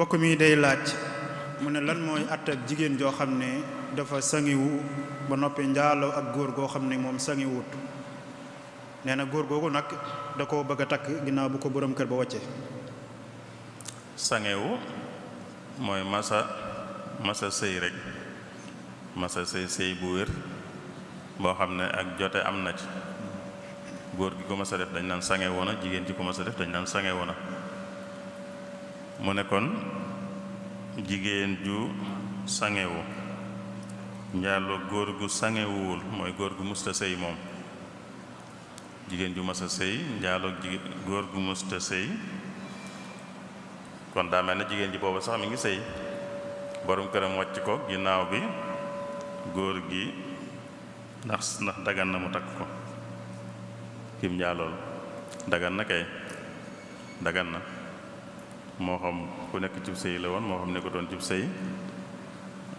bokk mi day laaj mu ne lan mooy àttab jigéen joo xam ne dafa sangiwu ba noppi njaaloo ak góor goo xam ne moom sangiwut nee na góor googu nag da koo bëgg a takk ginnaaw bu ko borom kër ba wàcce sangewu mooy masa masa sëy rek masa sëy sëy bu wér boo xam ne ak jote am na ci góor gi ko masa def dañ naan sangewoona jigéen ci ko masa def dañ naan sangewoona mu ne kon jigéen ju sangewu njaaloo góor gu sangewuwul mooy góor gu musta sëy moom jigéen ju mës a sëy njaaloo góor gu musta sëy kon daa mel ne jigéen ji boobu sax mi ngi sëy boroom këram wàcc ko ginnaaw bi góor gi ndax ndax dagan na mu takk ko kim njaalool dagan na kay dagan na moo xam ku nekk cib sëy la woon moo xam ne ko doon cib sëy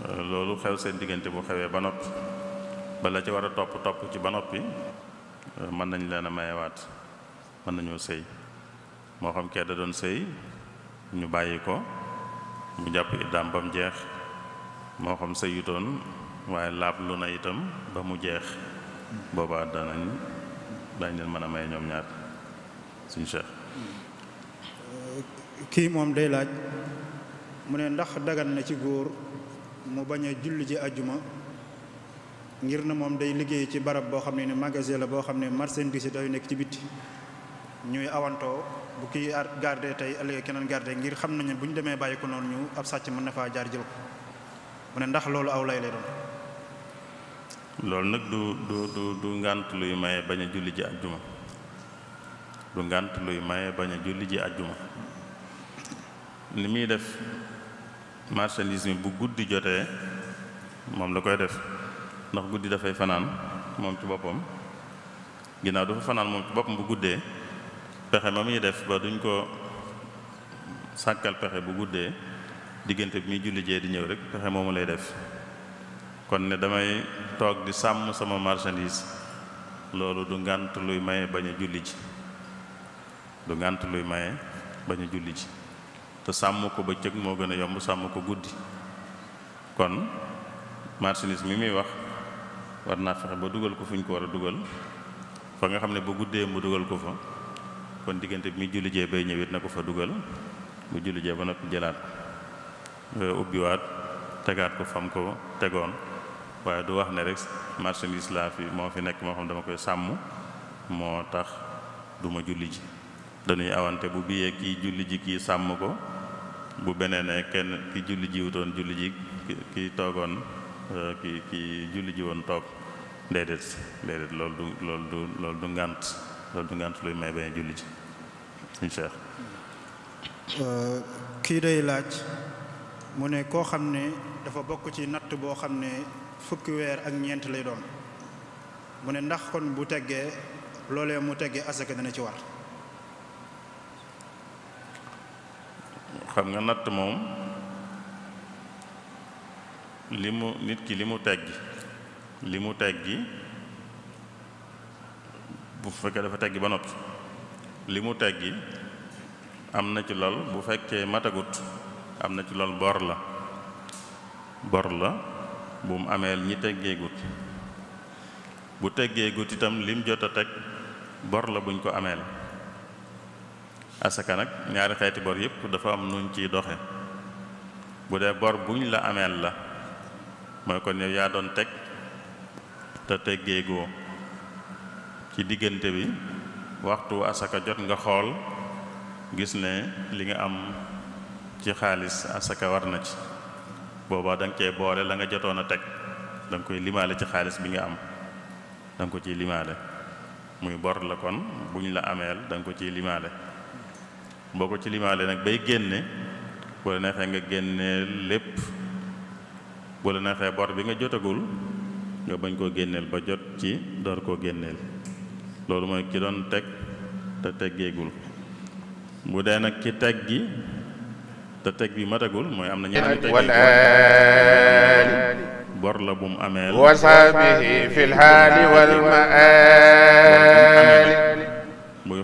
euh, loolu xew seen diggante bu xewee ba nopp bala ci war a topp topp ci ba noppi euh, mën nañ leen a mayewaat mën nañoo sëy moo xam kee da doon sëy ñu bàyyi ko mu jàpp iddaam ba mu jeex moo xam sëyutoon waaye laab na itam ba mu jeex boobaa danañ leen mën a maye ñoom ñaar suñu cheikh kii moom day laaj mu ne ndax dagan na ci góor mu bañ a julli ji ajjuma ngir na moom day liggéey ci barab boo xam ne ne magasin la boo xam ne marchandise day nekk ci bitti ñuy awantoo bu kii gardé tey ëllëg keneen gardé ngir xam nañu bu ñu demee bàyyi ko noonu ñu ab sàcc mën na faa jaar jël ko mu ne ndax loolu aw lay lay doon. loolu nag du du du ngànt luy maye bañ a julli ji ajjuma du ngànt luy maye bañ a julli ji ajjuma. li muy def marchandise mi bu guddi jotee moom la koy def ndax guddi dafay fanaan moom ci boppam ginnaaw dafa fanaan moom ci boppam bu guddee pexe ma muy def ba duñ ko sàkkal pexe bu guddee diggante bi muy julli jee di ñëw rek pexe moomu lay def kon ne damay toog di sàmm sama marchandise loolu du ngant luy maye bañ a julli ji du ngànt luy maye bañ a julli ci te sàmm ko ba bëccëg moo gën a yomb sàmm ko guddi kon marchandise mi muy wax war naa fexe ba dugal ko fu ñu ko war a dugal fa nga xam ne ba guddee mu dugal ko fa kon diggante bi muy jullijee bay ñëwit na ko fa dugal mu jullijee ba noppi jëlaat ubbiwaat tegaat ko fam ko tegoon waaye du wax ne rek marchandise laa fi moo fi nekk moo xam dama koy sàmm moo tax duma julli ji dañuy awante bu biyee kii julli ji kii sàmm ko bu benee kenn ki julli jiwutoon julli ji ki toogoon euh, ki ki julli ji woon toog déedéet déedéet loolu du loolu du loolu du du ngànt luy may bañ julli ji incha allah euh, kii day laaj mu ne koo xam ne dafa bokk ci natt boo xam ne fukki weer ak ñeent lay doon mu ne ndax kon bu teggee loolee mu teggee asaka dana ci war xam nga natt moom li mu nit ki li mu teggi li mu teggi bu fekkee dafa teggi ba noppi li mu teggi am na ci lool bu fekkee matagut am na ci lool bor la bor la bu mu ameel ñi teggeegut bu teggeegut itam lim jot a teg bor la buñ ko ameel asaka nag ñaari xeeti bor yëpp dafa am nuñ ciy doxe bu dee bor ñu la ameel la mooy kon yow yaa doon teg te teggeegoo ci diggante bi waxtu asaka jot nga xool gis ne li nga am ci xaalis asaka war na ci booba da nga cee boole la nga jotoon a teg da koy limaale ci xaalis bi nga am da ko ciy limaale muy bor la kon ñu la ameel da ko ciy limaale boo ko ci limaale nag bay génne bu la neexee nga génneel lépp bu la neexee bor bi nga jotagul nga bañ koo génneel ba jot ci door koo génneel loolu mooy ki doon teg te teggeegul bu dee nag ci teg gi te teg bi matagul mooy am na ñaari teg bor la bu mu ameel wasaabihi fi lhaali wal maali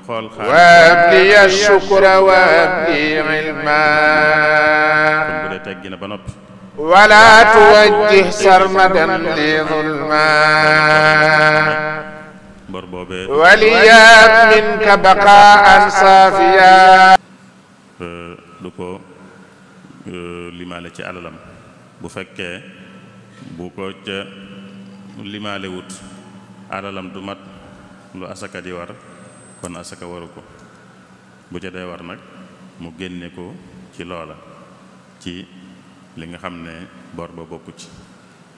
وابني الشكر وابني علما ولا توجه سرمدا لي ظلما وليات منك بقاء صافيا du ko limaale ci alalam bu fekkee bu ko ca limaale wut alalam du mat lu asaka di war kon asaka waru ko bu ca dee war nag mu génne ko ci loola ci li nga xam ne bor ba bokku ci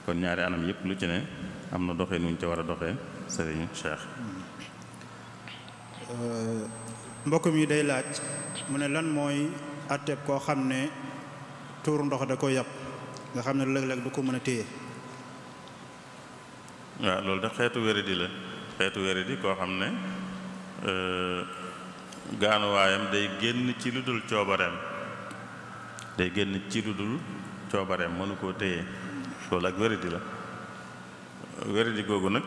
kon ñaari anam yëpp lu ci ne am na doxee nuñ ca war a doxee sëriñ Cheikh euh, mbokk mi day laaj mu ne lan mooy àtteeb koo xam ne tuur ndox da ko yàpp nga xam ne léeg-léeg du ko mën a téye waaw loolu da xeetu wéradi la xeetu wéradi koo xam ne Euh, gaanuwaayam day génn ci lu dul coobareem day génn ci lu dul coobareem mënu koo téye loolu ak wéradi la wéradi googu nag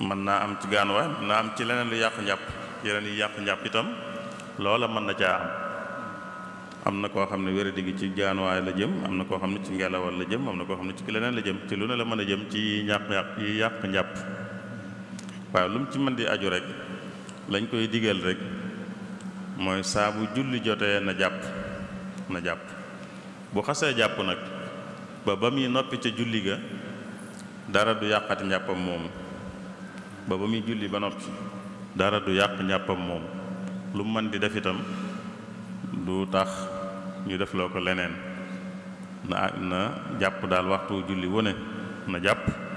man naa am ci gaanuwaay mën naa am ci leneen lu yàq njàpp yeneen yu yàq njàpp itam loola mën na caa am am na koo xam ne wéradi gi ci gaanuwaay la jëm am na koo xam ne ci ngelawal la jëm am na koo xam ne ci leneen la jëm ci lu ne la mën a jëm ci ñàq-ñàq yi yàq njàpp waaw lu mu ci mën di aju rek lañ koy digal rek mooy saabu julli jotee na jàpp na jàpp bu xasee jàpp nag ba ba muy noppi ca julli ga dara du yàqati njàppam moomu ba ba muy julli ba noppi dara du yàq njàppam moom lu mu mën di def itam du tax ñu def loo ko leneen na na jàpp daal waxtu julli wu na jàpp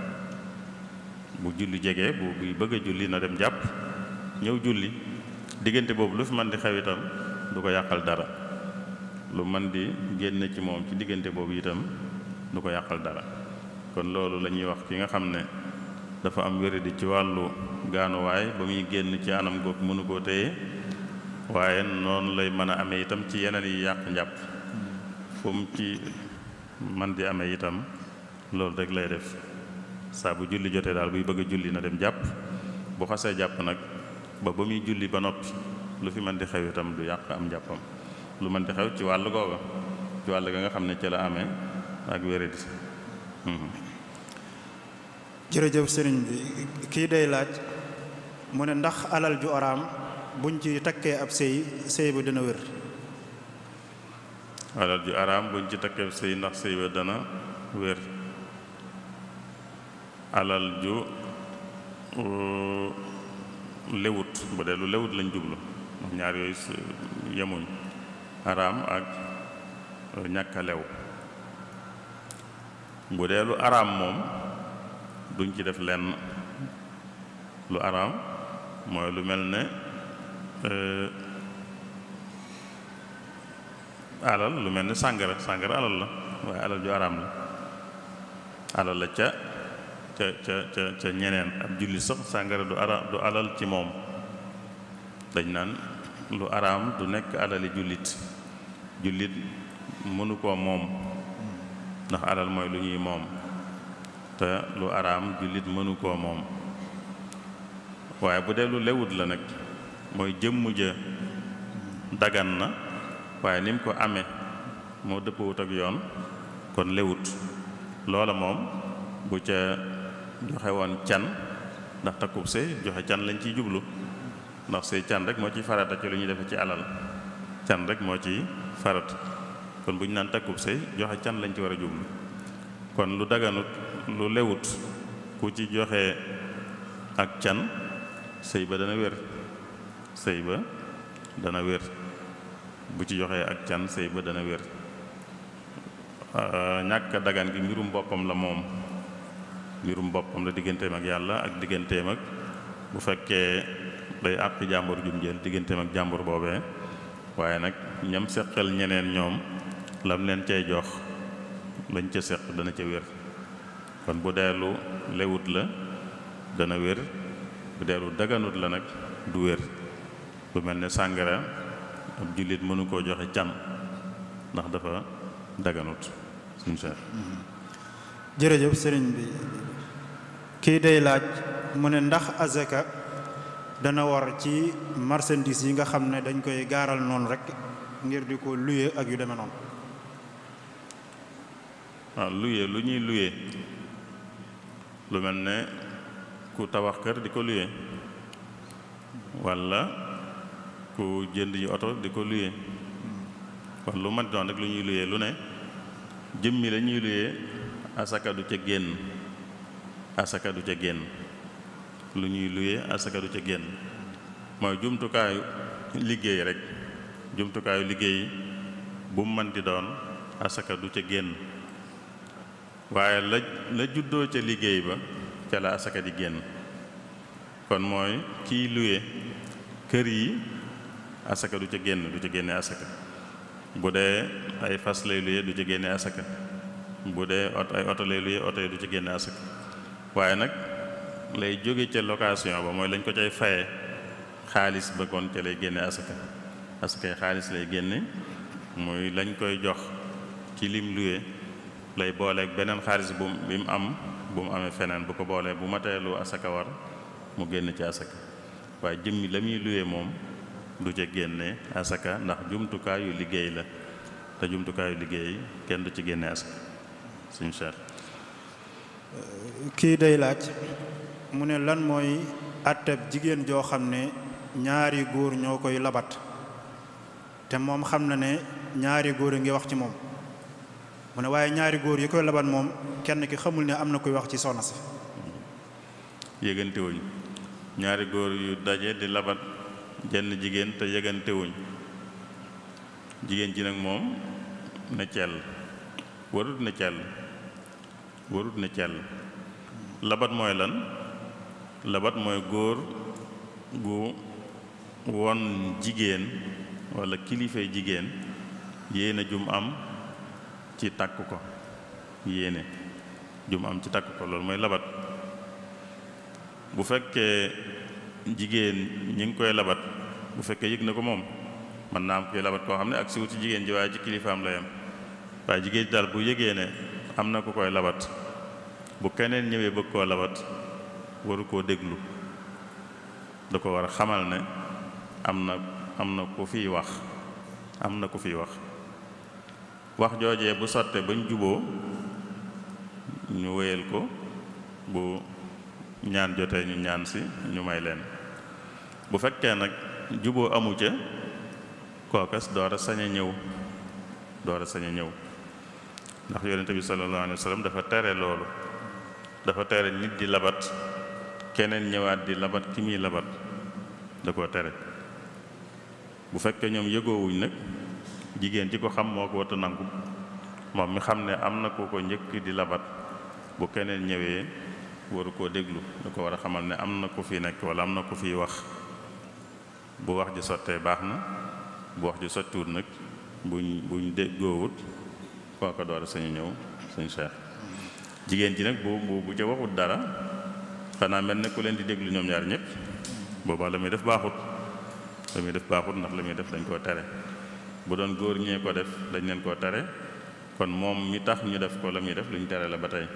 bu julli jegee bu buy bëgg a julli na dem jàpp ñëw julli diggante boobu lu fi man di xew itam du ko yàqal dara lu man di génn ci moom ci diggante boobu itam du ko yàqal dara kon loolu lañuy wax ki nga xam ne dafa am wéradi ci wàllu gaanuwaay ba muy génn ci anam goog mënu koo téye waaye noonu lay mën a amee itam ci yeneen yi yàq njàpp fu ci man di amee itam loolu rek lay def saa bu julli jotee daal buy bëgg julli na dem jàpp bu xasee jàpp nag ba ba muy julli ba noppi lu fi man di xew itam du yàq am jàppam lu mën di xew ci wàll googa ci wàll ga nga xam ne ci la amee ak wéradi mhm. jërëjëf sëriñ bi kii day laaj mu ne ndax alal ju araam buñ ci takkee ab sëy sëy ba dana wér alal ju araam buñ ci takkee ab sëy ndax sëy ba dana wér alal ju uh, lewut bu dee lu lewut lañ jublu ndax ñaar yooyu yemuñ araam ak uh, ñàkk a lew bu dee lu araam moom duñ ci def lenn lu araam mooy lu mel ni uh, alal lu mel ni sàngara sàngara alal la waaye alal ju araam la alal la ca ca ca ca ca ñeneen ab julli sax sàngara du ara du alal ci moom dañ naan lu araam du nekk alali jullit jullit mënu koo moom ndax alal mooy lu ñuy moom te lu araam jullit mënu koo moom waaye bu dee lu lewut la nag mooy jëmm ja dagan na waaye ni mu ko amee moo dëppwut ak yoon kon lewut loola moom bu ca joxe woon can ndax takkub sëy joxe can lañ ciy jublu ndax sëy can rek moo ciy farata ci lu ñuy defe ci alal can rek moo ci farat kon bu ñu naan takkub sëy joxe can lañ ci war a jublu kon lu daganut lu lewut ku ci joxe ak can sëy ba dana wér sëy ba dana wér bu ci joxee ak can sëy ba dana wér ñàkk dagan gi mbirum boppam la moom mbirum boppam la digganteem ak yàlla ak digganteem ak bu fekkee day àppi jàmbur jum jël digganteem ak jàmbur boobee waaye nag ñam seqal ñeneen ñoom lam leen cay jox lañ ca seq dana ca wér kon bu deelu lewut la dana wér bu deelu daganut la nag du wér lu mel ne sàngara ab jullit mënu koo joxe cam ndax dafa daganut suñu seex kii day laaj mu ne ndax azaka dana war ci marchandise yi nga xam ne dañ koy gaaral noonu rek ngir di ko luye ak yu demee noonu waaw ah, luye lu ñuy luye lu mel ne ku tabax kër di ko luye walla ku jënd yi oto di ko luye kon lu mat doon rek lu ñuy luye lu ne jëmmi la ñuy luye asaka du ca génn asaka du ca génn lu ñuy luyee asaka du ca génn mooy jumtukaayu liggéey rek jumtukaayu liggéey bu mu mën di doon asaka du ca génn waaye la la juddoo ca liggéey ba ca la asaka di génn kon mooy kiy luye kër yi asaka du ca génn du ca génne asaka bu dee ay fas lay luye du ca génne asaka bu dee ot ay oto lay luye oto yi du ca génne asaka waaye nag lay jóge ca location ba mooy lañ ko cay faye xaalis ba kon ca lay génne asaka asakay xaalis lay génne muy lañ koy jox ci lim luwe lay booleeg beneen xaalis bu bi mu am bu mu amee feneen bu ko boolee bu ma teelu asaka war mu génn ci asaka waaye jëmmi la muy luwe moom du ca génne asaka ndax jumtukaayu liggéey la te jumtukaayu liggéey kenn du ci génne asaka suñu cher kii day laaj mu ne lan mooy àttab jigéen joo xam ne ñaari góor ñoo koy labat te moom xam na ne ñaari góor a ngi wax ci moom mu ne waaye ñaari góor yi koy labat moom kenn ki xamul ne am na koy wax ci soxna si yëgante ñaari góor yu daje di labat jenn jigéen te yëgante jigéen ji nag moom ne cell warut ne cell warut ne cell labat mooy lan labat mooy góor gu won jigéen walla kilifa jigéen yéene jum am ci takk ko yéene jum am ci takk ko loolu mooy labat bu fekkee jigéen ñi ngi koy labat bu fekkee yëg na ko moom mën naa am koy labat koo xam ne ak siwu ci jigéen ji waaye ci kilifaam la yem waaye jigéen ji daal bu yëgee ne am na ku koy labat bu keneen ñëwee bëgg koo labat waru koo déglu da ko war a xamal ne am na am na ku fiy wax am na ku fiy wax wax joojee bu sotte bañ juboo ñu wéyal ko bu ñaan jotee ñu ñaan si ñu may leen bu fekkee nag juboo amu ca kookas door a sañ a ñëw door a ñëw ndax yonent bi sallallahu alayhi wa sallam dafa tere loolu dafa tere nit di labat keneen ñëwaat di labat ki muy labat da ko tere bu fekkee ñoom yëgoowuñ nag jigéen ji ko xam moo ko wata nangu moom mi xam ne am na ku ko njëkk di labat bu keneen ñëwee waru koo déglu da ko war a xamal ne am na ku fi nekk wala am na ku fi wax bu wax ji sottee baax na bu wax ji sottiwut nag buñ buñ déggoowut kooka door a sañu ñëw suñu Cheikh jigéen ji nag boobu bu bu ca waxut dara xanaa mel ne ku leen di déglu ñoom ñaar ñëpp boobaa la muy def baaxut la muy def baaxut ndax la muy def dañ koo tere bu doon góor ñee ko def dañ leen koo tere kon moom mi tax ñu def ko la muy def lu ñu tere la ba tey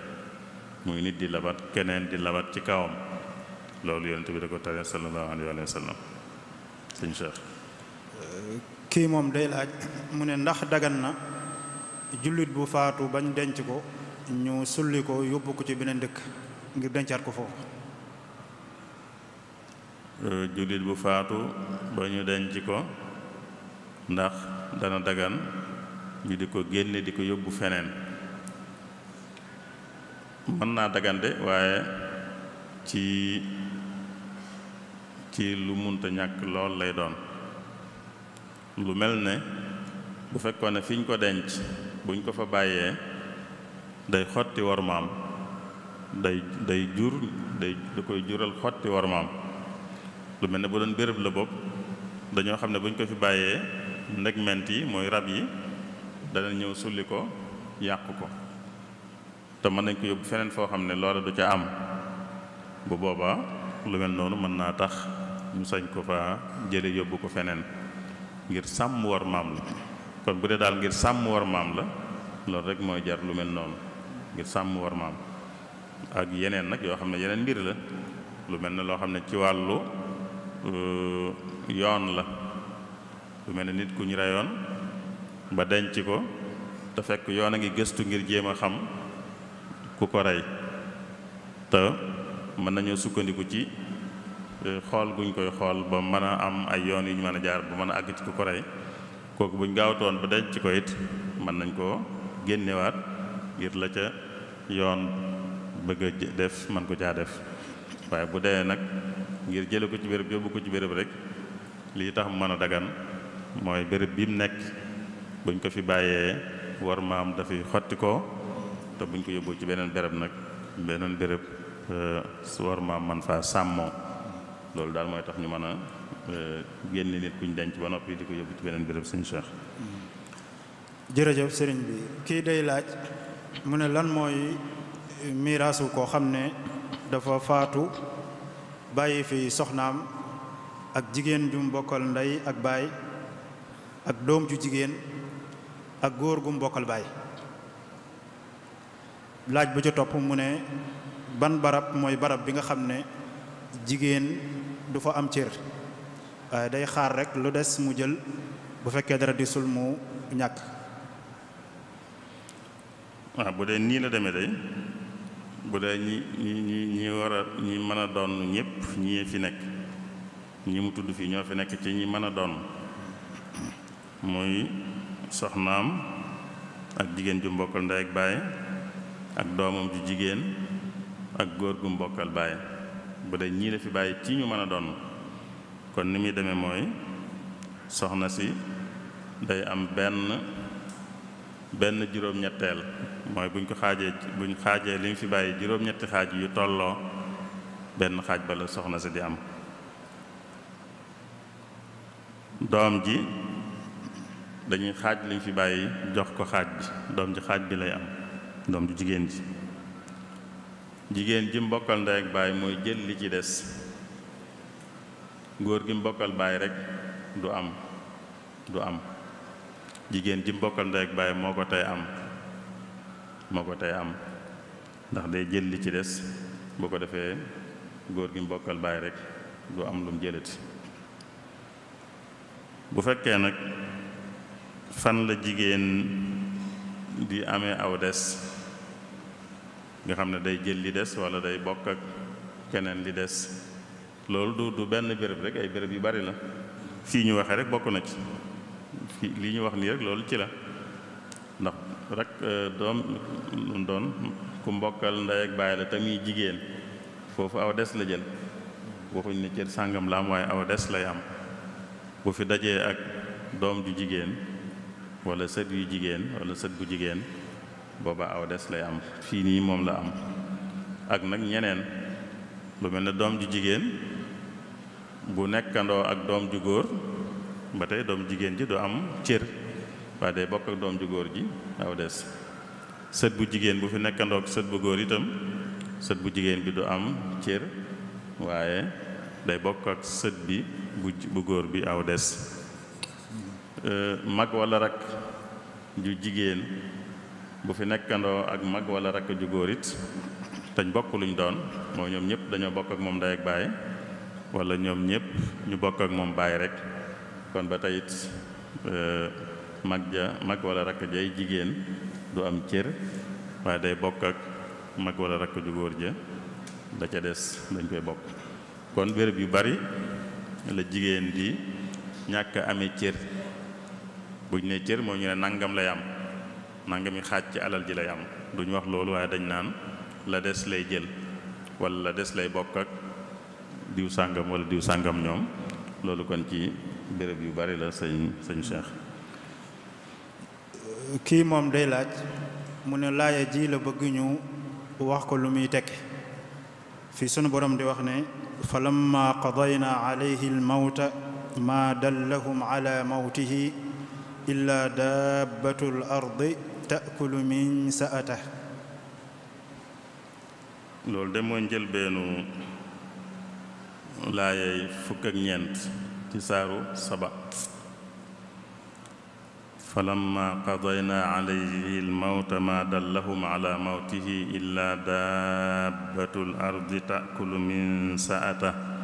muy nit di labat keneen di labat ci kawam loolu yonent bi da ko tere sallallahu alayhi wa sallam suñu Cheikh kii moom day laaj mu ne ndax dagan na jullit bu faatu bañ denc ko ñu sulli ko yóbbu ko ci beneen dëkk ngir dencaat ko foofu euh, jullit bu faatu ba ñu denc ko ndax dana dagan ñu di ko génne di ko yóbbu feneen mën naa dagante waaye ci ci lu munta ñàkk lool lay doon lu mel ne bu fekkoon ne fi ñu ko denc buñ ko fa bàyyee day xotti war maam day day jur day da koy jural xotti war maam lu mel ne bu doon béréb la bopp dañoo xam ne buñ ko fi bàyyee ndegment yi mooy rab yi dana ñëw sulli ko yàq ko te mën nañ ko yóbbu feneen foo xam ne loola du ca am bu boobaa lu mel noonu mën naa tax mu sañ ko fa jële yóbbu ko feneen ngir sàmm war maam la kon bu dee daal ngir sàmm war maam la loolu rek mooy jar lu mel noonu ngir sàmm war maam ak yeneen nag yoo xam ne yeneen mbir la lu mel ne loo xam ne ci wàllu euh, yoon la lu mel ne nit ku ñu reyoon ba denc ko te fekk yoon a ngi gëstu ngir jéem a xam ku ko rey te mën nañoo sukkandiku ci euh, xool guñ koy xool ba mën a am ay yoon yu ñu mën a jaar ba mën a àgg ci ku ko rey kooku buñ gaawatoon ba denc ko it mën nañ koo génnewaat ngir la ca yoon bëgg a def man ko caa def waaye bu dee nag ngir jële ko ci béréb yóbbu ko ci béréb rek lii tax mu mën a dagan mooy béréb bi mu nekk buñ ko fi bàyyee war maam dafay xotti ko te buñ ko yóbbu ci beneen béréb nag beneen bërëb euh, su war maam man faa sàmmoo loolu daal mooy tax ñu mën a euh, génne nit kuñ denc ba noppi di ko yóbbu ci beneen béréb sëñ Cheikh. Mm-hmm. jërëjëf sëriñ bi kii day laaj mu ne lan mooy miraasu koo xam ne dafa faatu bàyyi fi soxnaam ak jigéen ju mbokkal ndey ak baay ak doom ju jigéen ak góor gu mbokkal baay laaj bu ca topp mu ne ban barab mooy barab bi nga xam ne jigéen du fa am cër waaye day xaar rekk lu des mu jël bu fekkee dara disul mu ñàkk waaw bu dee nii la demee day bu dee ñi ñi ñi war ñi mën a doon ñépp ñi fi nekk ñi mu tudd fii ñoo fi nekk ci ñi mën a doon muy soxnaam ak jigéen ju mbokkal ndey ak baay ak doomam ju jigéen ak góor gu mbokkal baay bu dee ñii la fi bàyyi ci ñu mën a doon kon ni muy demee mooy soxna si day am benn benn juróom-ñetteel mooy buñ ko xaajee buñ xaajee li mu fi bàyyi juróom-ñetti xaaj yu tolloo benn xaaj ba la soxna si di am doom ji dañuy xaaj liñ fi bàyyi jox ko xaaj bi doom ji xaaj bi lay am doom ju jigéen ji jigéen ji mbokkal ndey ak baay mooy jël li ci des góor gi mbokkal baay rekk du am du am jigéen ji mbokkal ndey ak baay moo ko tey am moo ko tey am ndax day jël li ci des boo ko defee góor gi bokkal baay rekk du am lu mu jëlati bu fekkee nag fan la jigéen di amee aw des nga xam ne day jël li des wala day bokk ak keneen li des loolu du du benn béréb rek ay béréb yu bari la fii ñu waxe rek bokk na ci lii ñu wax nii rek loolu ci la ndax rek euh, doom lu doon ku mbokkal ndey ak baay la tamit jigéen foofu aw des la jël waxuñ ne cër sàngam la am waaye aw des lay am bu fi dajee ak doom ju jigéen wala sët yu jigéen wala sët bu jigéen booba aw des lay am fii nii moom la am ak nag ñeneen lu mel ne doom ju jigéen bu nekkandoo ak doom ju góor ba tey doom jigéen ji du am cër waaye day bokk doom ju góor ji aw des sët bu jigéen bu fi nekkandoo ak bu góor itam sët bu jigéen bi du am cër waaye day bokk ak sët góor bi aw des euh, mag walla rak ju jigéen bu fi nekkandoo ak mag wala rakk ju góor it teñ bokk luñ doon moo ñoom ñëpp dañoo bokk ak moom ndey ak baay wala ñoom ñëpp ñu bokk ak moom baay rek kon ba teyit it e, mag ja mag wala rakk jay jigéen du am cër waaye day bokk ak mag wala rakk ju góor ja da ca des dañ koy bokk kon béréb yu bari la jigéen di ñàkk amee cër buñ ne cër moo ñu ne nangam lay am mi xaaj ci alal ji lay am duñ wax loolu waaye dañ naan la des lay jël wala la des lay bokk ak diw sàngam wala diw sàngam ñoom loolu kon ci béréb yu bari la sëñ sëñ Cheikh. kii moom day laaj mu ne laaya ji la bëgg ñu wax ko lu muy tekki fii sunu boroom di wax ne fa lamma qadayna alayhi almawta ma dallahum ala mawtihi illa dabbatu al taakulu min saata loolu de mooy njëlbeenu laayay fukk ak ñeent ci saaru saba falamma qadayna alayhi almawta ma dallahum ala mawtihi illa dabbatu l ardi taakulu min saata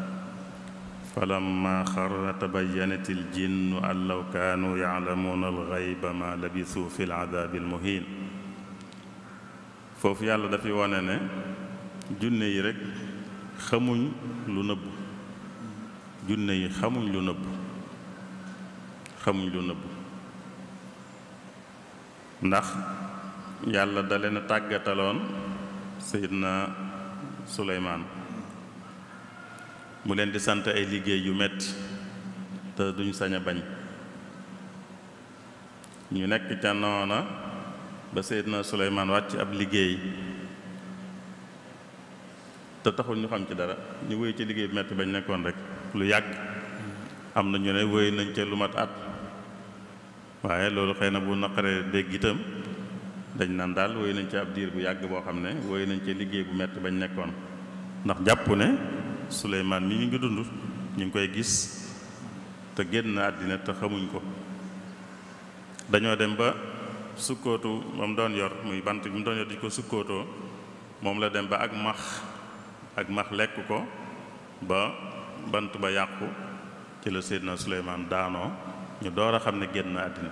falamma xarra tabayyanat aljinnu an law kaanu yaclamuuna alxayba ma labisuu fi lcadaabi almuhiin foofu yàlla dafa wone ne junne yi rekk xamuñ lu nëbb junne yi xamuñ lu nëbb ndax yàlla da leen a tàggataloon seydna suleymaan mu leen di sant ay liggéey yu metti te duñ sañ a bañ ñu nekk ca noona ba Seydina Suleymaan wàcc ab liggéey te taxul ñu xam ci dara ñu wéy ci liggéey bu metti bañ nekkoon rek lu yàgg am na ñu ne wéy nañ ca lu mat at waaye loolu xëy na bu naqaree dégg itam dañ naan daal wéy nañ ca ab diir bu yàgg boo xam ne wéy nañ ca liggéey bu metti bañ nekkoon ndax jàppu ne Suleymaan mi ñu ngi dund ñu ngi koy gis te génn àddina te xamuñ ko dañoo dem ba sukkóotu ba mu doon yor muy bant bi mu doon yor di ko sukkóotoo moom la dem ba ak max ak max lekk ko ba bant ba yàqu ci la na Suleymaan daanoo ñu door a xam ne génn àddina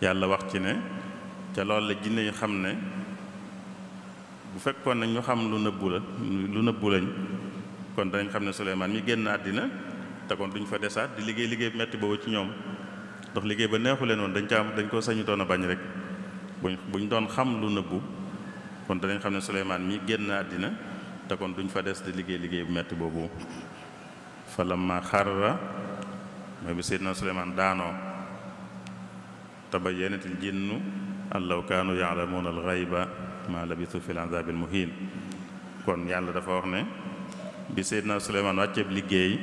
yàlla wax ci ne ca loolu la jinne yu xam ne bu fekkoon ne ñu xam lu nëbbu la lu nëbbu lañ kon dañ xam ne Suleymaan mi génn àddina te kon duñ fa desaat di liggéey liggéey metti boobu ci ñoom ndax liggéey ba neexu leen woon dañ ca dañ ko sañu doon bañ rek buñ buñ doon xam lu nëbbu kon danañ xam ne Suleymaan mi génn àddina te kon duñ fa des di liggéey liggéey bu metti boobu fa lamma xarra mooy bi Seydina Suleymaan daanoo tabayyanatil jinnu an law kaanu yaalamuuna al-ghayba maa labisu fil azaabil muhiin kon yàlla dafa wax ne bi naa Suleymaan wàcceeb liggéey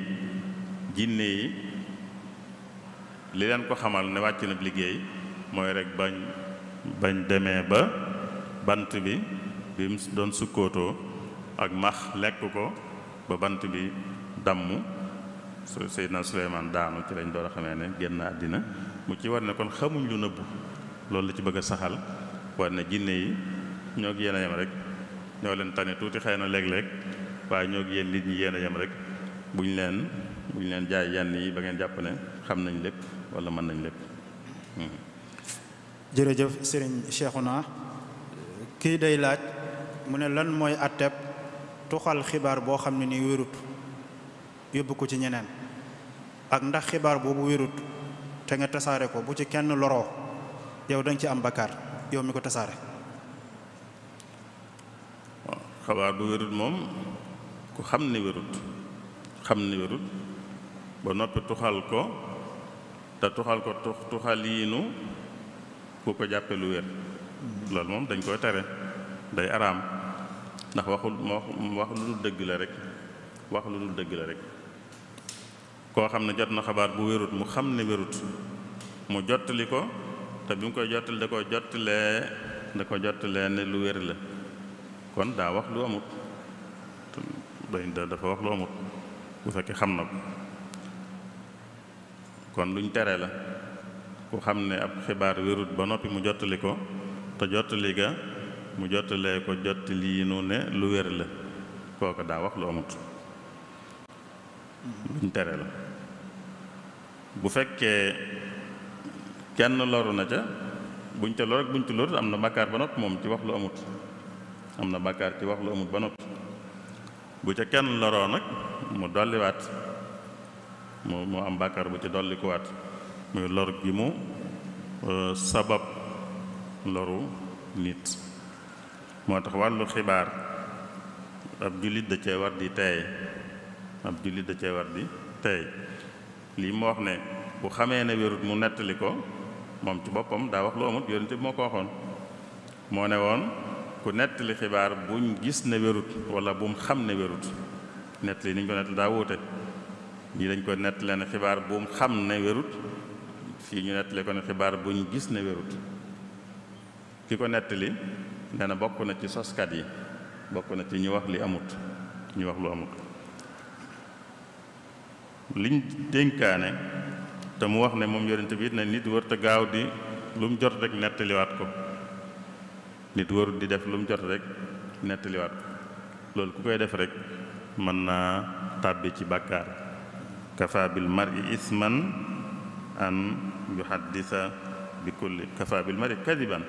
jinne yi li leen ko xamal ne wàcc na liggéey mooy rek bañ bañ demee ba bant bi bi mu doon sukkootoo ak max lekk ko ba bant bi damm su Seydina Suleymaan daanu ci lañ doo a xamee ne génn àddina mu ci war ne kon xamuñ lu nëbbu loolu la ci bëgg a saxal war ne jinne yi ñoo yéen a yam rek ñoo leen tane tuuti xëy na léeg-léeg waaye ñoo ngi yéen nit ñi a yem rek bu ñu leen bu ñu leen jaay yenn yi ba ngeen jàppane xam nañ lépp wala mën nañ lépp. Hmm. jërëjëf Serigne naa kii day laaj mu ne lan mooy atteb tuxal xibaar boo xam ne nii wérut yóbbu ko ci ñeneen ak ndax xibaar boobu wérut te nga tasaare ko bu ci kenn loroo yow dañ ci am bakkaar yow mi ko tasaare. xabaar bu wérut moom. ku xam ne wérut xam ne wérut ba noppi tuxal ko te tuxal ko tux tuxaliinu ku ko jàppe lu wér mm-hmm. loolu moom dañ koy tere day araam ndax waxul wax lu dul dëgg la rek wax lu dul dëgg la rek koo xam ne jot na xabaar bu wérut mu xam ne wérut mu jottali ko te bi mu koy jottali da ko jottalee da ko jottalee ne lu wér la kon daa wax lu amut da dafa wax lu amut bu fekkee xam na ko kon luñ tere la ku xam ne ab xibaar wérut ba noppi mu jottali ko te jottali ga mu jottalee ko jottali yi nu ne lu wér la kooku daa wax lu amut luñ tere la bu fekkee kenn loru na ca buñ ca lor ak buñ ci lorut am na bàkkaar ba noppi moom ci wax lu amut am na bàkkaar ci wax lu amut ba noppi bu ca kenn loroo nag mu dolliwaat mu mu am bàkkaar bu ci dollikuwaat muy lor gi mu euh, sabab loru nit moo tax wàllu xibaar ab jullit da cee war di teey ab jullit da cee war di teey lii mu wax ne bu xamee ne wérut mu nettali ko moom ci boppam daa wax lu amut yonent bi moo ko waxoon moo ne woon ku nettali xibaar buñ gis ne wérut wala bum xam ne wérut nettali ni ñu ko nettali daa wuute ñii dañ ko nettali na xibaar bum xam ne wérut fii ñu nettali ko ne xibaar buñ gis ne wérut ki ko nettali nee na bokk na ci soskat yi bokk na ci ñu wax li amut ñu wax lu amut liñ dénkaane te mu wax ne moom yonente bi it ne nit wërta gaaw di lu mu jot rek nettaliwaat ko nit warul di def lu mu jot rek nettaliwaat loolu ku koy def rek mën naa tàbbi ci bàkkaar kafa bil mari isman an yuhaddisa bi kulli kafa bil mari kadiban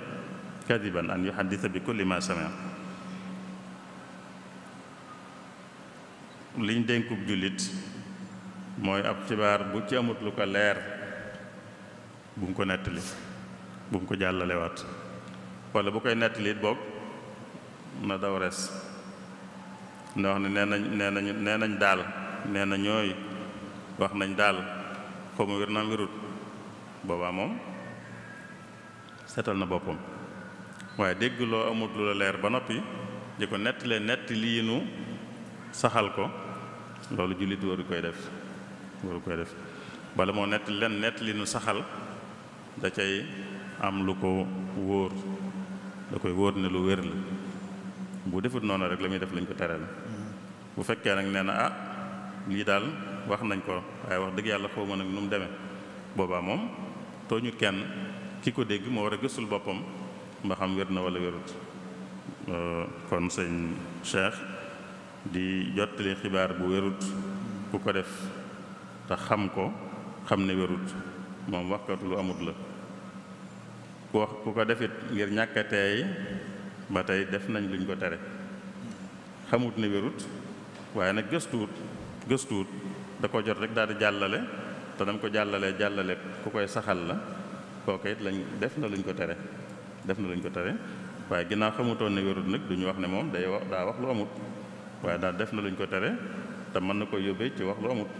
kadiban an yuhaddisa bi kulli ma samia liñ dénkub jullit mooy ab xibaar bu ci amut lu ko leer bu mu ko nettali bu mu ko jàllalewaat wala bu koy nettali it boog na daw res ndax ne nee nañ nee nañ nee nañ daal nee na ñooy wax nañ daal xaw ma wér naam wérut boobaa moom setal na boppam waaye dégg loo amut lu la leer ba noppi di ko nettalee nett saxal ko loolu jullit waru koy def waru koy def bala moo nett len nett li saxal da cay am lu ko wóor da koy wóor ne lu wér la bu defut noonu rek la muy def lañ ko tere la bu fekkee nag nee na ah lii daal wax nañ ko waaye wax dëgg yàlla xaw ma nag nu mu demee boobaa moom tooñu kenn ki ko dégg moo war a gisul boppam mba xam wér na wala wérut euh, kon sëñ Cheikh di jottali xibaar bu wérut ku ko def te xam ko xam ne wérut moom waxkatu lu amut la ku wax ku ko defit ngir ñàkk a ba tey def nañ luñ ko tere xamut ne wérut waaye nag gëstuwut gëstuwut da ko jot rek daal di jàllale te dam ko jàllalee jàllale ku koy saxal la kooku it lañ def na luñ ko tere def na luñ ko tere waaye ginnaaw xamutoon ne wérut nag duñu wax ne moom day wax daa wax lu amut waaye daal def na luñ ko tere te mën na ko yóbbee ci wax lu amut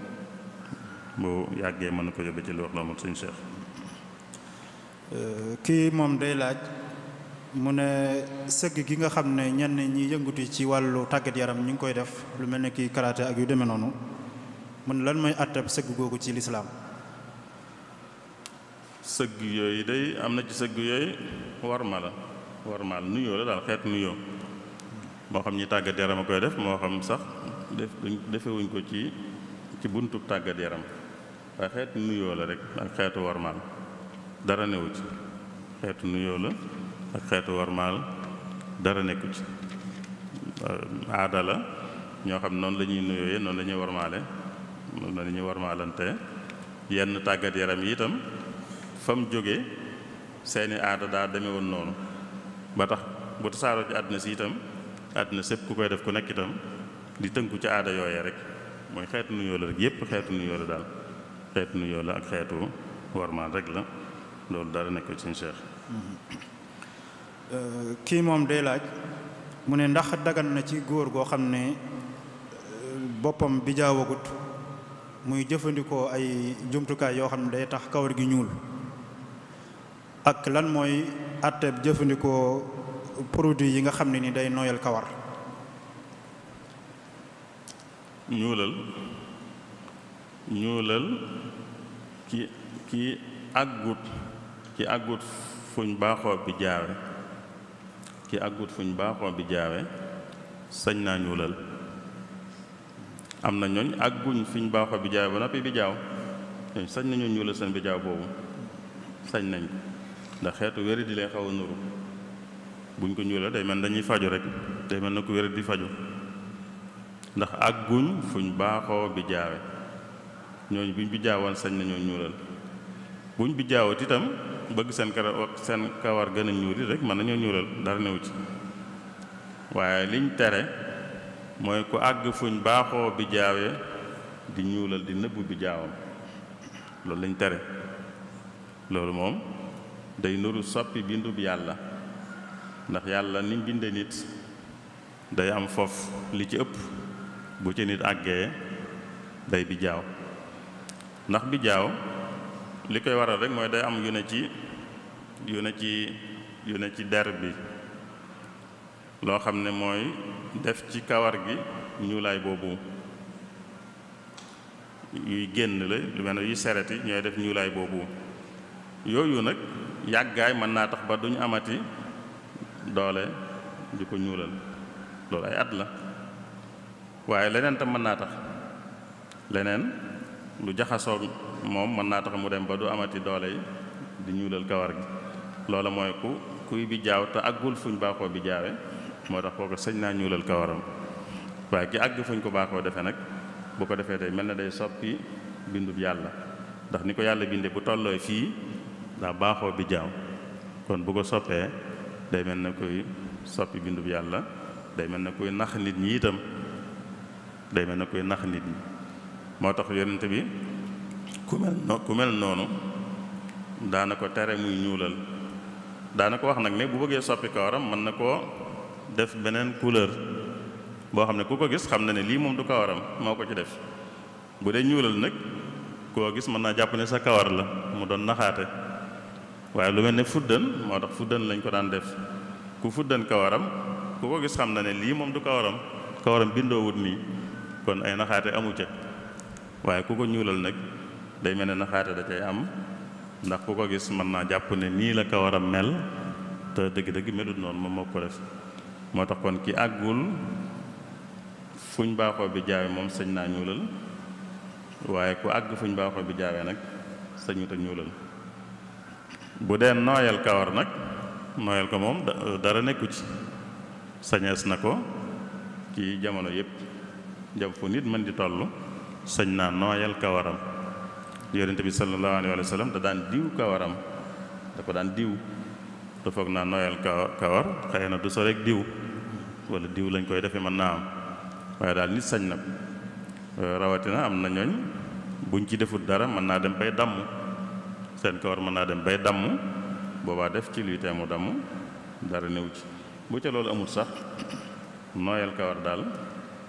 bu yàggee mën na ko yóbbee ci lu wax lu amut suñu Seex kii moom day laaj mu ne sëgg gi nga xam ne ñenn ñi yëngutu ci wàllu tàggat yaram ñu ngi koy def lu mel ne kii karaate ak yu demee noonu mu ne lan mooy àttab sëgg googu ci lislaam sëgg yooyu day am na ci sëgg yooyu war ma la war ma la nuyoo la daal xeet nuyoo moo xam ñi tàggat yaram a koy def moo xam sax def defewuñ ko ci ci buntub tàggat yaram waaye xeet nuyoo la rek ak xeetu war ma dara newu ci xeetu nuyoo la ak xeetu warmaal dara nekku ci euh, aada la ñoo xam noonu lañuy ñuy nuyooyee noonu la ñuy warmaale noonu la ñuy warmaalante yenn tàggat yaram yi itam fa mu seeni aada daa demee woon noonu ba tax bu tasaaroo ci àddina si itam àddina sépp ku koy def ku nekk itam di tënku ci aada yooye rek mooy xeetu nuyoo la rek yépp xeetu nuyoo la daal xeetu nuyoo la ak xeetu warmaal rek la loolu dara nekk ko ci Cheikh. Euh, kii moom day laaj mu ne ndax dagan na ci góor goo xam ne euh, boppam bi jaawagut muy jëfandikoo ay jumtukaay yoo xam ne day tax kawar gi ñuul ak lan mooy àtteeb jëfandikoo produit yi nga xam ne ni day nooyal kawar ñuulal ñuulal ki ki àggut ki àggut fuñ baaxoo bi jaawe ki àggut fuñ baaxoo bi jaawe sañ naa ñuulal am na ñooñ àgguñ fiñ baaxoo bi jaawe ba noppi bi jaaw ñooñ nañu ñuulal seen bi jaaw boobu sañ nañ ko xeetu wéri di lay xaw a nuru buñ ko ñuulal day mel dañuy faju rek day mel na ko wéri di faju ndax àgguñ fuñ baaxoo bi jaawe ñooñ buñ bi jaawoon sañ nañoo ñuulal buñ bi jaawat itam bëgg seen seen kawar gën a ñuul rek mën nañoo ñuulal dara newu ci waaye liñ tere mooy ku àgg fuñ baaxoo bi jaawee di ñuulal di nëbbu bi jaawam loolu lañ tere loolu moom day nuru soppi bindu bi yàlla ndax yàlla ni binde nit day am foofu li ci ëpp bu ci nit àggee day bi jaaw ndax bi li koy waral rek mooy day am yu ne ci yu ne ci yu ne ci der bi loo xam ne mooy def ci kawar gi ñuulaay boobu yuy génn la lu mel ne yuy sereti ñooy def ñuulaay boobu yooyu nag yàggaay mën naa tax ba duñu amati doole di ko ñuulal loolu ay at la waaye leneen tam mën naa tax leneen lu jaxasoo moom mën naa tax mu dem ba du amati doole yi di ñuulal kawar gi loola mooy ku kuy bi jaaw te àggul fuñ baaxoo bi jaawe moo tax kooku sëñ naa ñuulal kawaram waaye ki àgg fuñ ko baaxoo defee nag bu ko defee tey mel na day soppi bindub yàlla ndax ni ko yàlla bindee bu tolloo fii daa baaxoo bi jaaw kon bu ko soppee day mel na kuy soppi bindub yàlla day mel na kuy nax nit ñi itam day mel na kuy nax nit ñi moo tax yonent bi ku mel noonu ku noonu daana ko tere muy ñuulal daana ko wax nag ne bu bëggee soppi kawaram mën na koo def beneen couleur boo xam ne ku ko gis xam na ne lii moom du kawaram moo ko ci def bu dee ñuulal nag koo gis mën naa jàpp ne sa kawar la mu doon naxaate waaye lu mel ne fuddan moo tax lañ ko daan def ku fuddan kawaram ku gis xam na ne lii moom du kawaram kawaram bindoo wut nii kon ay naxaate amu ca waaye ku ko ñuulal nag day mel ne naxaate da cay am ndax ku ko gis mën naa jàpp ne nii la ko a mel te dëgg-dëgg melut noonu moom moo def moo tax kon ki àggul fuñ baaxoo bi jaawe moom sëñ naa ñuulal waaye ku àgg fuñ baaxoo bi jaawee nag sañut a ñuulal bu dee nooyal kawar nag nooyal ko moom dara nekku ci sañees na ko ci jamono yépp jam fu nit mën di tollu sañ naa nooyal kawaram yonente bi sallallahu alayhi wa sallam da daan diw kawaram da daan diw te naa noyal kawar xëy na du so diw wala diw lañ koy defee man naa am waaye daal nit sañ na euh, rawatina am na ñooñ buñ ci deful dara mën naa dem bay damm seen kawar mën naa dem bay damm boobaa def ci luy teemu damm dara néew ci bu ca loolu amul sax noyal kawar daal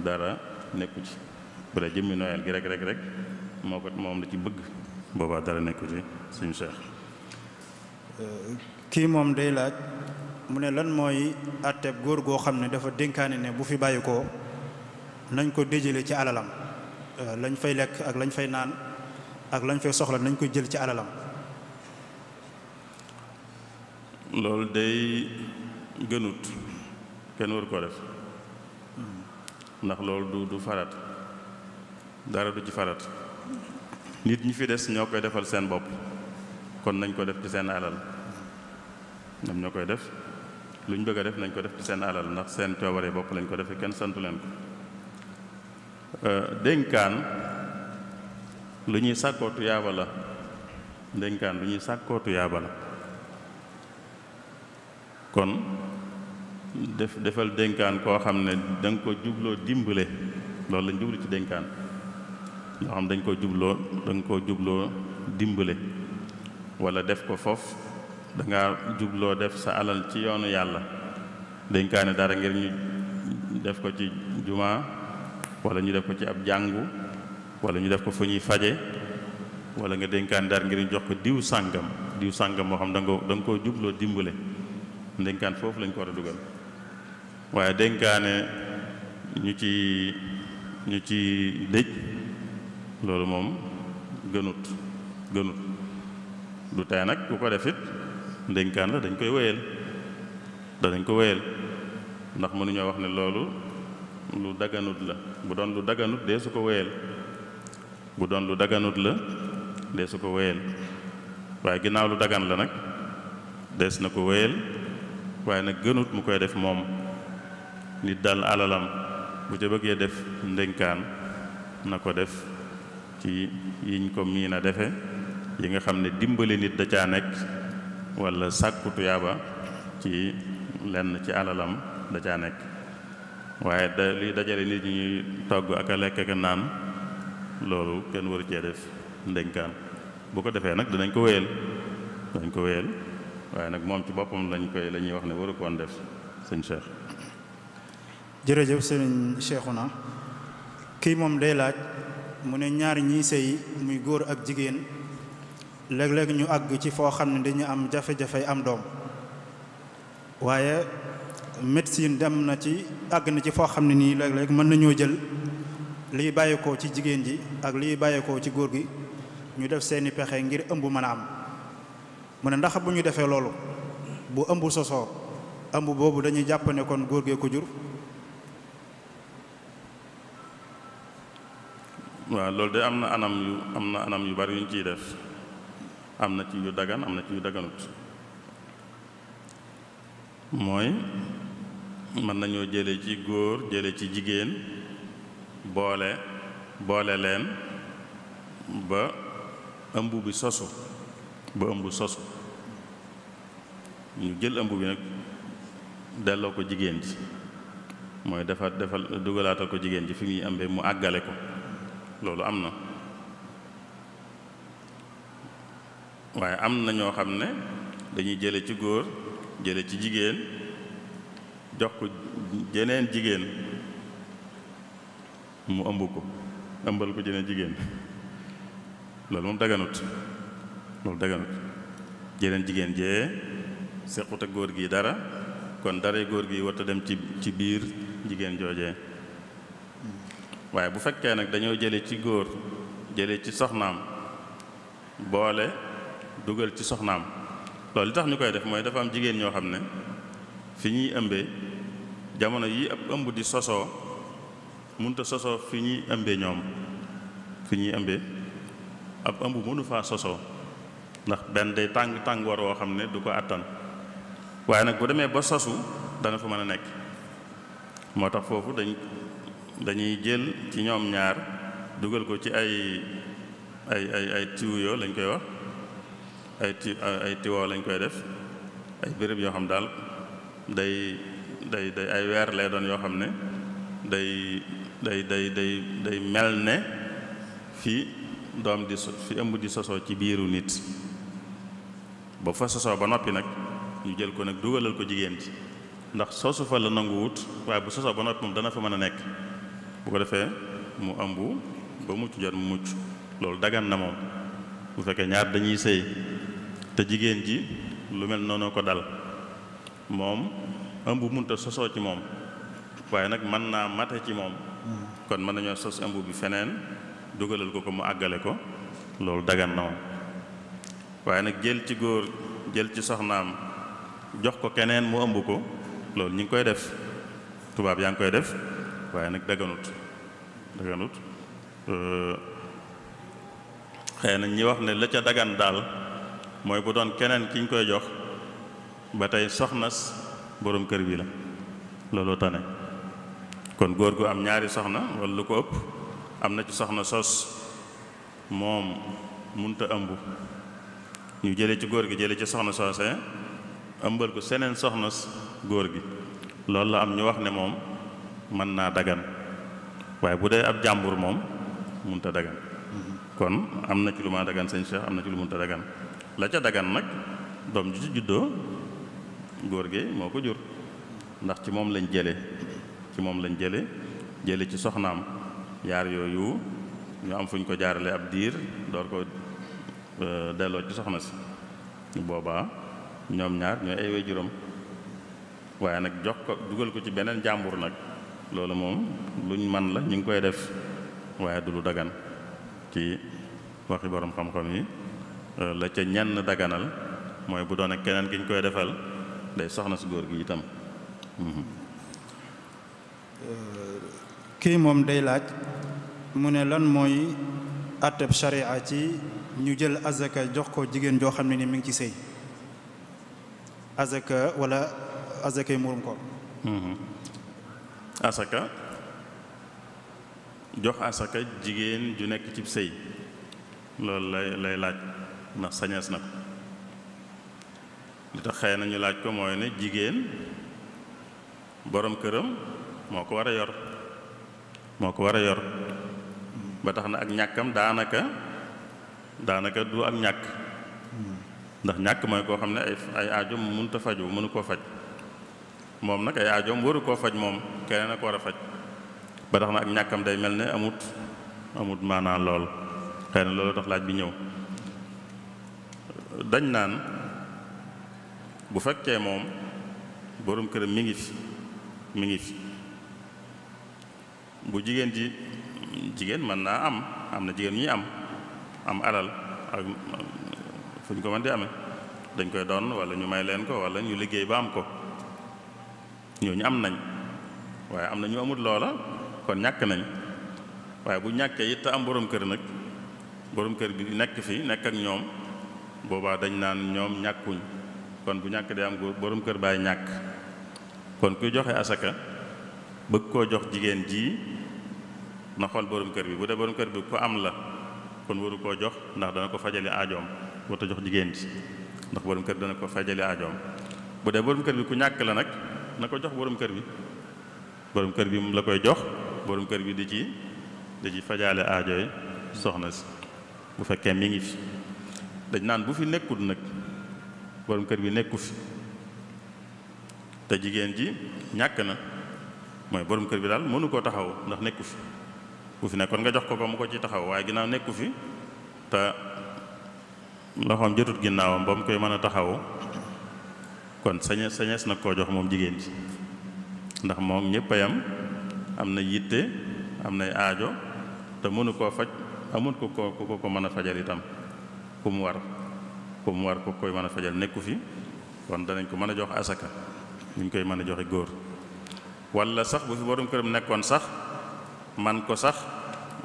dara nekku ci bu dee jëmmi noyal gi rek rek rek moo ko moom la ci bëgg booba dara nekku ci suñu seex kii moom day laaj mu ne lan mooy àtteeb góor goo xam ne dafa dénkaane ne bu fi bàyyi ko nañ ko déjale ci alalam euh, lañ fay lekk ak lañ fay naan ak lañ fay soxla nañ ko jël ci alalam loolu day gënut kenn war koo def hmm. ndax loolu du du farat dara du ci farat nit ñi fi des ñoo koy defal seen bopp kon nañ ko def ci seen alal ñoom ñoo koy def lu bëgg a def nañ ko def ci seen alal ndax seen coobaree bopp lañ ko defee kenn santu leen ko euh, dénkaan lu ñuy sàkkoo tuyaaba la dénkaan lu ñuy sàkkoo tuyaaba la kon def defal dénkaan koo xam ne da nga ko jubloo dimbale loolu lañ jublu ci dénkaan yoo xam dañ koo jubloo dañ ko jubloo dimbale wala def ko foofu danga jubloo def sa alal ci yoonu yàlla dénkaane dara ngir ñu def ko ci jumaa wala ñu def ko ci ab jàngu wala ñu def ko fu ñuy faje wala nga dénkaane dara ngir ñu jox ko diw sàngam diw sàngam moo xam da nga da koo jubloo dimbale dénkaan foofu lañ ko war a dugal waaye dénkaane ñu ci ñu ci dëj loolu moom gënut gënut du tey nag ku ko def it ndénkaan la dañ koy wéyal danañ ko wéyal ndax mënuñoo wax ne loolu lu daganut la bu doon lu daganut su ko wéyal bu doon lu la dee su ko wéyal waaye ginnaaw lu dagan la nag dees na ko wéyal waaye nag gënut mu koy def moom nit dal alalam bu ca bëggee def ndénkaan na ko def ci yiñ ko miin a defe yi nga xam ne dimbale nit da caa nekk walla sàkku tuyaaba ci lenn ci alalam da caa nekk waaye da luy dajale nit ñuy togg ak a lekk ak a naan loolu kenn waru cee def ndénkaan bu ko defee nag danañ ko wéyal danañ ko wéyal waaye nag moom ci boppam lañ koy la ñuy wax ne waru def sëñ Cheikh jërëjëf sëriñ Cheikhouna kii moom day laaj mu ne ñaar ñiy sëy muy góor ak jigéen léeg-léeg ñu àgg ci foo xam ne dañu am jafe-jafey am doom waaye médecine dem na ci àgg na ci foo xam ne nii léeg-léeg mën nañoo jël liy bàyyeekoo ci jigéen ji ak liy bàyyeekoo ci góor gi ñu def seeni pexe ngir ëmb mën a am mu ne ndax bu ñu defee loolu bu ëmb sosoo ëmb boobu dañuy jàpp ne kon góor gee ko jur waaw loolu de am na anam yu am na anam yu bari yu ñu ciy def am na ci yu dagan am na ci yu daganut mooy mën nañoo jële ci góor jële ci jigéen boole boole leen ba ëmb bi sosu ba ëmb sosu ñu jël ëmb bi nag delloo ko jigéen ji mooy defal defal dugalaatal ko jigéen ji fi muy ëmbee mu àggale ko loolu am na waaye am na ñoo xam ne dañuy jële ci góor jële ci jigéen jox ko jeneen jigéen mu ëmb ko ëmbal ko jeneen jigéen loolu moom daganut loolu daganut jeneen jigéen jee sequt góor gi dara kon dara góor gi warta dem ci ci biir jigéen joojee waaye bu fekkee nag dañoo jële ci góor jële ci soxnaam boole dugal ci soxnaam loolu li tax ñu koy def mooy dafa am jigéen ñoo xam ne fi ñuy ëmbee jamono yi ab ëmb di sosoo munta sosoo fi ñuy ëmbee ñoom fi ñuy ëmbee ab ëmb mënu faa sosoo ndax benn day tàng tàngoor woo xam ne du ko àttan waaye nag bu demee ba sosu dana fa mën a nekk moo tax foofu dañ dañuy jël ci ñoom ñaar dugal ko ci ay ay ay ay tuyau lañ koy wax ay tu ay tuyau lañ koy def ay béréb yoo xam daal day day day ay weer lay yoo xam ne day day day day day mel ne fii doom di so fi ëmb di sosoo ci biiru nit ba fa sosoo ba noppi nag ñu jël ko nag dugalal ko jigéen ji ndax sosu fa la nanguwut waaye bu sosoo ba noppi moom dana fa mën a nekk bu ko defee mu ëmb ba mucc jot mu mucc loolu dagan na moom bu fekkee ñaar dañuy sëy te jigéen ji lu mel noonu ko dal moom ëmb munta sosoo ci moom waaye nag mën naa mate ci moom kon mën nañoo sos ëmb bi feneen dugalal ko ko mu àggale ko loolu dagan na moom waaye nag jël ci góor jël ci soxnaam jox ko keneen mu ëmb ko loolu ñu ngi koy def tubaab yaa ngi koy def waaye nag daganut daganut euh, xëy na ñi wax ne la ca dagan daal mooy bu doon keneen ki ñu koy jox ba tey soxnas boroom kër bi la looloo ne kon góor gu am ñaari soxna walla lu ko ëpp am na ci soxna sos moom munta ëmb ñu jëlee ci góor gi jëlee ci soxna soose ëmbal ko seneen soxnas góor gi loolu la am ñu wax ne moom mën naa dagan waaye bu dee ab jàmbur moom munta dagan kon am na ci lu ma dagan sëñ Cheikh am na ci lu munta dagan la ca dagan nag doom ji ci juddoo góor gi moo ko jur ndax ci moom lañ jële ci moom lañ jële jële ci soxnaam yaar yooyu ñu am fuñ ko jaarale ab diir door ko euh, delloo ci soxna si boobaa ñoom ñaar ñooy ay juróom waaye nag jox ko dugal ko ci beneen jàmbur nag loolu moom luñ man la ñu ngi koy def waaye du lu dagan ci waxi borom xam-xam yi euh, la ca ñenn daganal mooy bu doon ak keneen ki ñu koy defal day soxna si góor gi itam. Mhm. Euh, kii moom day laaj mu ne lan mooy àtteb sharia ci ñu jël azaka jox ko jigéen joo xam ne ni mi ngi ci sëy azaka wala azakay muurum koor mhm. asaka jox asaka jigéen ju nekk ci sëy loolu lay lay laaj ndax sañaas na ko li tax xëy nañu laaj ko mooy ne jigéen boroom këram moo ko war a yor moo ko war a yor ba tax na ak ñàkkam daanaka daanaka du ak ñàkk hmm. ndax ñàkk mooy koo xam ne ay ajo aajo mënut a faju mënu koo faj moom nag ay aajoom waru koo faj moom keneen a ko war a faj ba na ak ñàkkam day mel ne amut amut maanaa lool xëy na loolu tax laaj bi ñëw dañ naan bu fekkee moom borom këram mi ngi fi mi ngi fi bu jigéen ji jigéen mën naa am am na jigéen ñuy am am alal ak fu ñu ko mën di amee dañ koy doon wala ñu may leen ko wala ñu liggéey ba am ko ñooñu am nañ waaye am na ñu amul loola kon ñàkk nañ waaye bu ñàkkee it am boroom kër nag boroom kër bi nekk fi nekk ak ñoom boobaa dañ naan ñoom ñàkkuñ kon bu ñàkk day am boroom kër baay ñàkk kon kuy joxe asaka bëgg koo jox jigéen ji na xool boroom kër bi bu dee borom kër bi ku am la kon waru koo jox ndax dana ko fajali aajoom warta jox jigéen ji ndax borom kër dana ko fajali aajoom bu dee borom kër bi ku ñàkk la nag na ko jox borom kër bi borom kër bi moom la koy jox borom kër bi di ci di ci fajaale aajooy soxna si bu fekkee mi ngi fi dañ naan bu fi nekkul nag borom kër bi nekku fi te jigéen ji ñàkk na mooy boroom kër bi daal mënu koo taxaw ndax nekku fi bu fi nekkoon nga jox ko ko mu ko ci taxaw waaye ginnaaw nekku fi te loxoom jotut ginnaawam ba mu koy mën a taxaw kon sañe sañees nag koo jox moom jigéen ji ndax moom ñëpp a am am na yitte am nay aajo te mënu koo faj amul ku ko ku ko mën a fajal itam ku mu war ku mu war ku koy mën a fajal nekku fi kon danañ ko mën a jox asaka ñu koy mën a joxe góor wala sax bu fi borom këram nekkoon sax man ko sax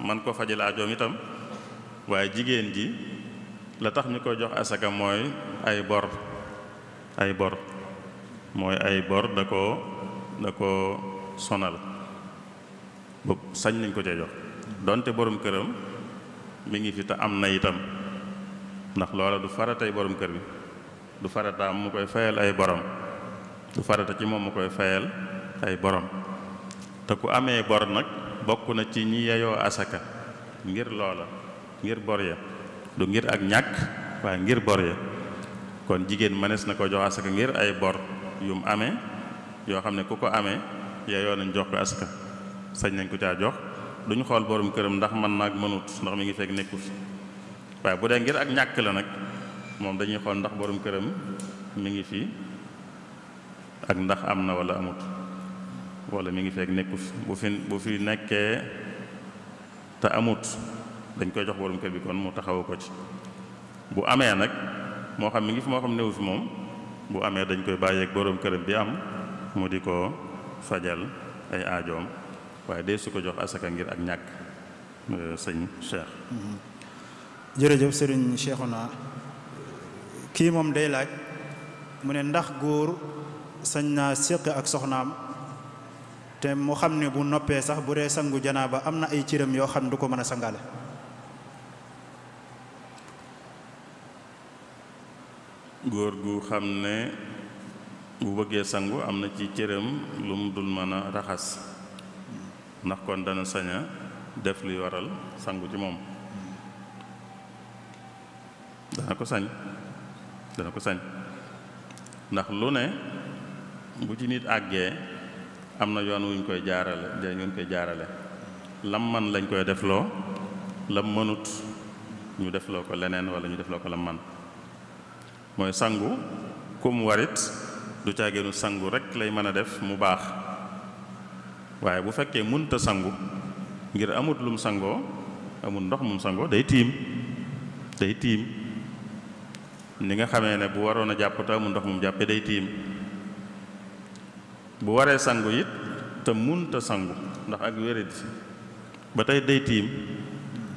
man koo fajal aajoom itam waaye jigéen ji la tax ñu koy jox asaka mooy ay bor ay bor mooy ay bor da koo da ko sonal boobu sañ nañ ko cee jox donte borom këram mu ngi fi te am na itam ndax loola du faratay borom kër bi du farataam mu koy fayal ay borom du farata ci moom mu koy fayal ay borom te ku amee bor nag bokk na ci ñi yeyoo asaka ngir loola ngir bor ya du ngir ak ñàkk waaye ngir bor ya kon jigéen mënees na ko jox asaka ngir ay bor yu mu amee yoo xam ne ku ko amee yeyoo nañ jox ko asaka sañ nañ ko caa jox duñu xool borom këram ndax man naag mënut ndax mi ngi fekk nekkul waaye bu dee ngir ak ñàkk la nag moom dañuy xool ndax borom këram mi ngi fii ak ndax am na wala amut wala mi ngi fekk nekkul bu fi bu fi nekkee te amut dañ koy jox borom kër bi kon mu taxawu ko ci bu amee nag. moo xam mi ngi fi moo xam newu fi moom bu amee dañ koy bàyyeeg boroom këram bi am mu di ko fajal ay aajoom waaye dee su ko jox asaka ngir ak ñàkk euh, sëñ Cheikh. Mm-hmm. jërëjëf sëriñ naa kii moom day laaj mu ne ndax góor sañ naa séq ak soxnaam te mu xam ne bu noppee sax bu dee sangu janaa ba am na ay cëram yoo xam du ko mën a sangale. góor gu xam ne bu bëggee sangu am na ci cëram lu mu dul mën a raxas ndax kon dana saña def li waral sangu ci moom dana ko sañ dana ko sañ ndax lu ne bu ci nit àggee am na yoon wuñ koy jaarale dañu koy jaarale lam man lañ koy defloo lam mënut ñu defloo ko leneen wala ñu defloo ko lam man mooy sangu kum warit du caageenu sangu rek lay mën a def mu baax waaye bu fekkee munta sangu ngir amut lum sangoo amul ndox mum sangoo day tiim day tiim ni nga xamee ne bu waroon a jàpp te amul ndox mum jàppe day tiim bu waree sangu it te munta sangu ndax ak wéradi ba tey day tiim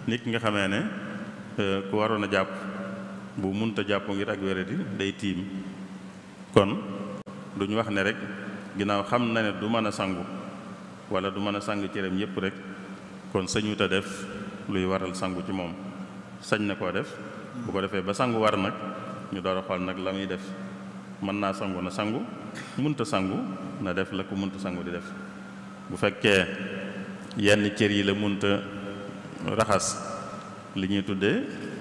nit ki nga xamee ne eh, ku waroon a jàpp bu munta jàpp ngir ak wéradi day tiim kon duñ wax ne rek ginnaaw xam na ne du mën a sangu wala du mën a sang cëram yépp rek kon sañuta def luy waral sangu ci moom sañ na koo def bu ko defee ba sangu war nag ñu door a xool nag la muy def mën naa sangu na sangu munta sangu na def la ko munta sangu di def bu fekkee yenn cër yi la munta raxas li ñuy tuddee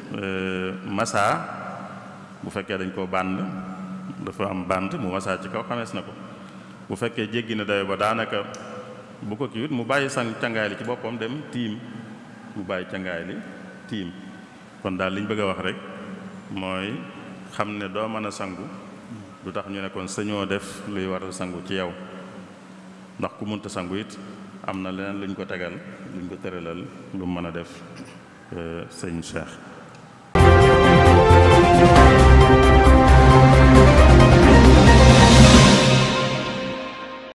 Euh, masaa bu fekkee dañ koo bànd dafa am bànd mu masaa ci kaw xamees na ko bu fekkee jéggi na dayo ba daanaka bu ko kiiwut mu bàyyi sang cangaay li ci boppam dem tiim mu bàyyi cangaay li tiim kon daal liñ bëgg a wax rek mooy xam ne doo mën a sangu lu tax ñu ne kon sañoo def luy a sangu ci yow ndax ku munta sangu it am na leneen luñ ko tegal luñ ko tëralal lu mën a def euh, sëñ Cheikh